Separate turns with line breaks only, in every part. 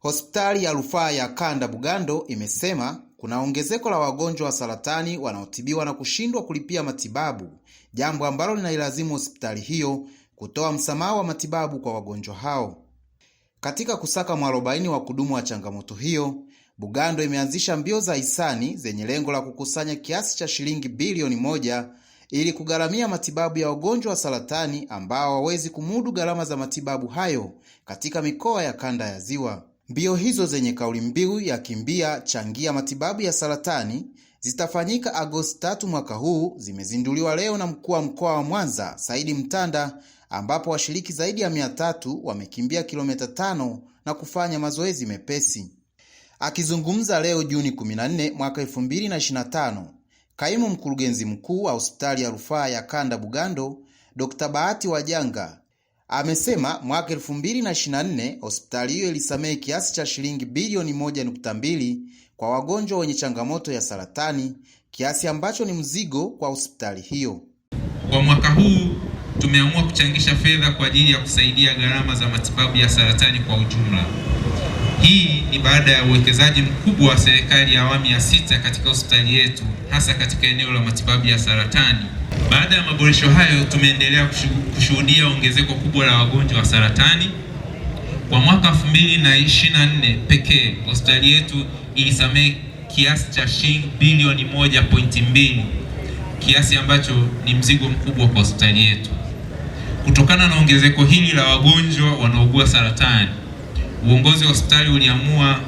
Hospitali ya Rufaa ya Kanda Bugando imesema kuna ongezeko la wagonjwa wa saratani wanaotibiwa na kushindwa kulipia matibabu, jambo ambalo linailazimu hospitali hiyo kutoa msamaha wa matibabu kwa wagonjwa hao. Katika kusaka mwarobaini wa kudumu wa changamoto hiyo, Bugando imeanzisha mbio za hisani zenye lengo la kukusanya kiasi cha shilingi bilioni moja ili kugharamia matibabu ya wagonjwa wa saratani ambao hawawezi kumudu gharama za matibabu hayo katika mikoa ya Kanda ya Ziwa. Mbio hizo zenye kauli mbiu ya Kimbia Changia Matibabu ya Saratani zitafanyika Agosti tatu mwaka huu zimezinduliwa leo na Mkuu wa Mkoa wa Mwanza Saidi Mtanda ambapo washiriki zaidi ya mia tatu wamekimbia kilomita tano na kufanya mazoezi mepesi. Akizungumza leo Juni 14 mwaka 2025, Kaimu Mkurugenzi Mkuu wa Hospitali ya Rufaa ya Kanda Bugando, Dr. Bahati Wajanga Amesema mwaka nne hospitali hiyo ilisamehe kiasi cha shilingi bilioni 1.2 kwa wagonjwa wenye changamoto ya saratani, kiasi ambacho ni mzigo kwa hospitali hiyo. Kwa mwaka huu tumeamua kuchangisha fedha kwa ajili ya kusaidia gharama za matibabu ya saratani kwa ujumla. Hii ni baada ya uwekezaji mkubwa wa serikali ya awamu ya sita katika hospitali yetu, hasa katika eneo la matibabu ya saratani. Baada ya maboresho hayo, tumeendelea kushuhudia ongezeko kubwa la wagonjwa wa saratani. Kwa mwaka 2024 pekee, hospitali yetu ilisamehe kiasi cha shilingi bilioni 1.2, kiasi ambacho ni mzigo mkubwa kwa hospitali yetu. Kutokana na ongezeko hili la wagonjwa wanaougua saratani, uongozi wa hospitali uliamua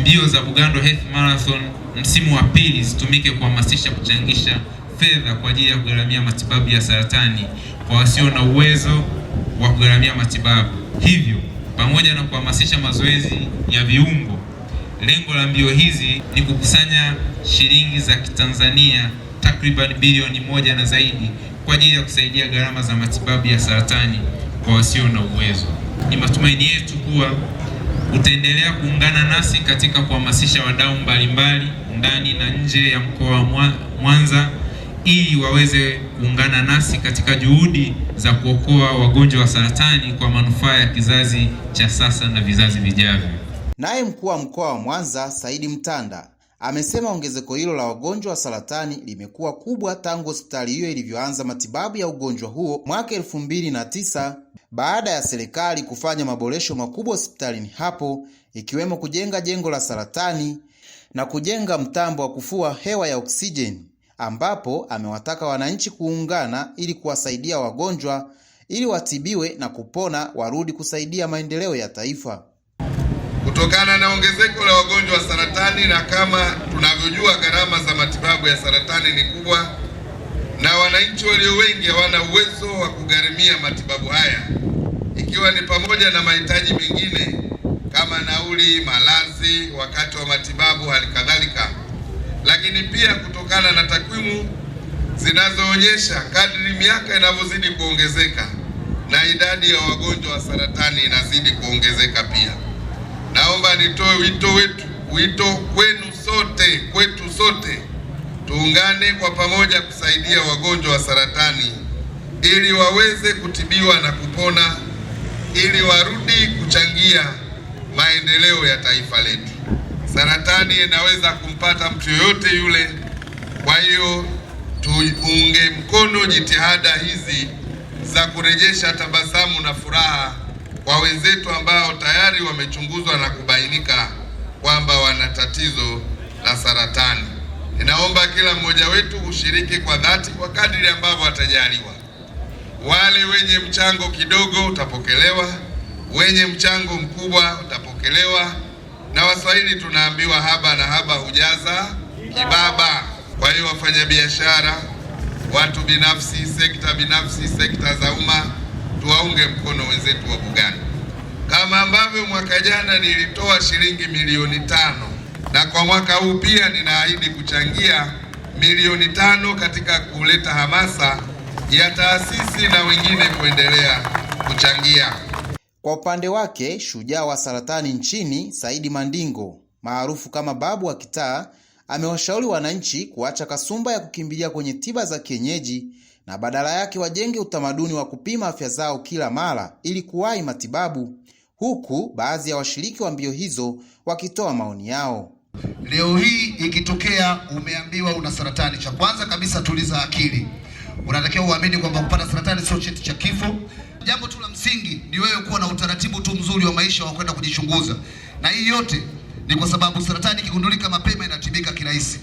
mbio za Bugando Health Marathon msimu wa pili zitumike kuhamasisha kuchangisha fedha kwa ajili ya kugharamia matibabu ya saratani kwa wasio na uwezo wa kugharamia matibabu. Hivyo, pamoja na kuhamasisha mazoezi ya viungo, lengo la mbio hizi ni kukusanya shilingi za Kitanzania takriban bilioni moja na zaidi kwa ajili ya kusaidia gharama za matibabu ya saratani kwa wasio na uwezo. Ni matumaini yetu kuwa utaendelea kuungana nasi katika kuhamasisha wadau mbalimbali ndani na nje ya mkoa wa Mwanza ili waweze kuungana nasi katika juhudi za kuokoa wagonjwa wa saratani kwa manufaa ya kizazi cha sasa na vizazi vijavyo.
Naye mkuu wa mkoa wa Mwanza Saidi Mtanda amesema ongezeko hilo la wagonjwa wa saratani limekuwa kubwa tangu hospitali hiyo ilivyoanza matibabu ya ugonjwa huo mwaka elfu mbili na tisa baada ya serikali kufanya maboresho makubwa hospitalini hapo ikiwemo kujenga jengo la saratani na kujenga mtambo wa kufua hewa ya oksijeni ambapo amewataka wananchi kuungana ili kuwasaidia wagonjwa ili watibiwe na kupona warudi kusaidia maendeleo ya taifa.
Kutokana na ongezeko la wagonjwa wa saratani na kama tunavyojua, gharama za matibabu ya saratani ni kubwa na wananchi walio wengi hawana uwezo wa kugharimia matibabu haya, ikiwa ni pamoja na mahitaji mengine kama nauli, malazi wakati wa matibabu, hali kadhalika lakini pia kutokana na takwimu zinazoonyesha kadri miaka inavyozidi kuongezeka na idadi ya wagonjwa wa saratani inazidi kuongezeka pia. Naomba nitoe wito wetu, wito kwenu sote, kwetu sote, tuungane kwa pamoja kusaidia wagonjwa wa saratani ili waweze kutibiwa na kupona, ili warudi kuchangia maendeleo ya taifa letu. Saratani inaweza kumpata mtu yoyote yule. Kwa hiyo tuunge mkono jitihada hizi za kurejesha tabasamu na furaha kwa wenzetu ambao tayari wamechunguzwa na kubainika kwamba wana tatizo la saratani. Ninaomba kila mmoja wetu ushiriki kwa dhati kwa kadiri ambavyo atajaliwa. Wale wenye mchango kidogo utapokelewa, wenye mchango mkubwa utapokelewa na Waswahili tunaambiwa haba na haba hujaza kibaba. Kwa hiyo wafanyabiashara, watu binafsi, sekta binafsi, sekta za umma, tuwaunge mkono wenzetu wa Buganda kama ambavyo mwaka jana nilitoa shilingi milioni tano na kwa mwaka huu pia ninaahidi kuchangia milioni tano katika kuleta hamasa ya taasisi na wengine kuendelea kuchangia.
Kwa upande wake shujaa wa saratani nchini Saidi Mandingo maarufu kama Babu wa Kitaa amewashauri wananchi kuacha kasumba ya kukimbilia kwenye tiba za kienyeji na badala yake wajenge utamaduni wa kupima afya zao kila mara ili kuwahi matibabu, huku baadhi ya washiriki wa mbio hizo wakitoa maoni yao.
Leo hii ikitokea umeambiwa una saratani, cha kwanza kabisa tuliza akili unatakiwa uamini kwamba kupata saratani sio cheti cha kifo. Jambo tu la msingi ni wewe kuwa na utaratibu tu mzuri wa maisha wa kwenda kujichunguza, na hii yote ni kwa sababu saratani ikigundulika mapema inatibika kirahisi.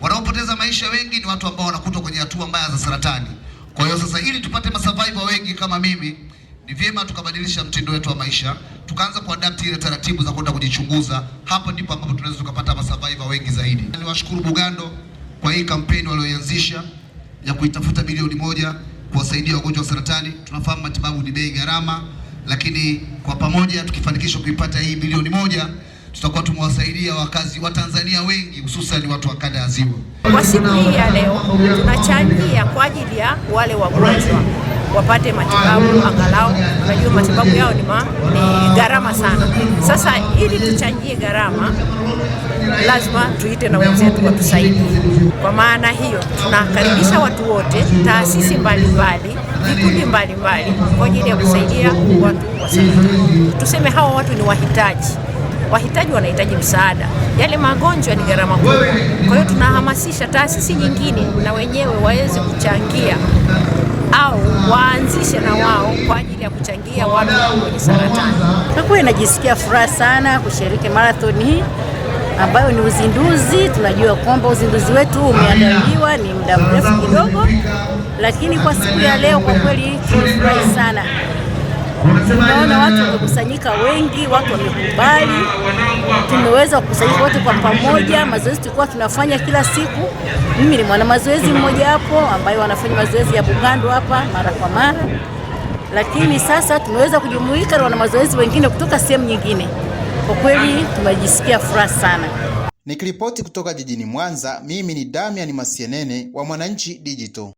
Wanaopoteza maisha wengi ni watu ambao wanakutwa kwenye hatua mbaya za saratani. Kwa hiyo sasa, ili tupate masurvivor wengi kama mimi, ni vyema tukabadilisha mtindo wetu wa maisha, tukaanza kuadapt ile taratibu za kwenda kujichunguza. Hapo ndipo ambapo tunaweza tukapata masurvivor wengi zaidi. Niwashukuru Bugando kwa hii kampeni walioianzisha ya kuitafuta bilioni moja kuwasaidia wagonjwa wa saratani. Tunafahamu matibabu ni bei gharama, lakini kwa pamoja tukifanikisha kuipata hii bilioni moja tutakuwa tumewasaidia wakazi wa Tanzania wengi hususan watu wa kanda ya Ziwa.
Kwa siku hii ya leo tunachangia kwa ajili ya wale wagonjwa wapate matibabu angalau. Unajua matibabu yao ni, ni gharama sana. Sasa ili tuchangie gharama, lazima tuite na wenzetu watusaidie. Kwa maana hiyo, tunakaribisha watu wote, taasisi mbalimbali, vikundi mbalimbali kwa ajili ya kusaidia watu wasaidiwe. Tuseme hawa watu ni wahitaji wahitaji wanahitaji msaada, yale magonjwa ni gharama kubwa. Kwa hiyo tunahamasisha taasisi nyingine na wenyewe waweze kuchangia au waanzishe na wao kwa ajili ya kuchangia watu wenye saratani. Kwa hiyo najisikia furaha sana kushiriki marathon hii ambayo ni uzinduzi. Tunajua kwamba uzinduzi wetu umeandaliwa ni muda mrefu kidogo, lakini kwa siku ya leo kwa kweli tulifurahi sana. Tunaona watu wamekusanyika wengi, watu wamekubali, tumeweza kukusanyika wote kwa pamoja. Mazoezi tulikuwa tunafanya kila siku, mimi ni mwana mazoezi mmoja hapo ambayo wanafanya mazoezi ya Bugando hapa mara kwa mara, lakini sasa tumeweza kujumuika na wana mazoezi wengine kutoka sehemu nyingine. Kwa kweli tumejisikia furaha sana.
Nikiripoti kutoka jijini Mwanza, mimi ni Damian Masienene wa Mwananchi Digital.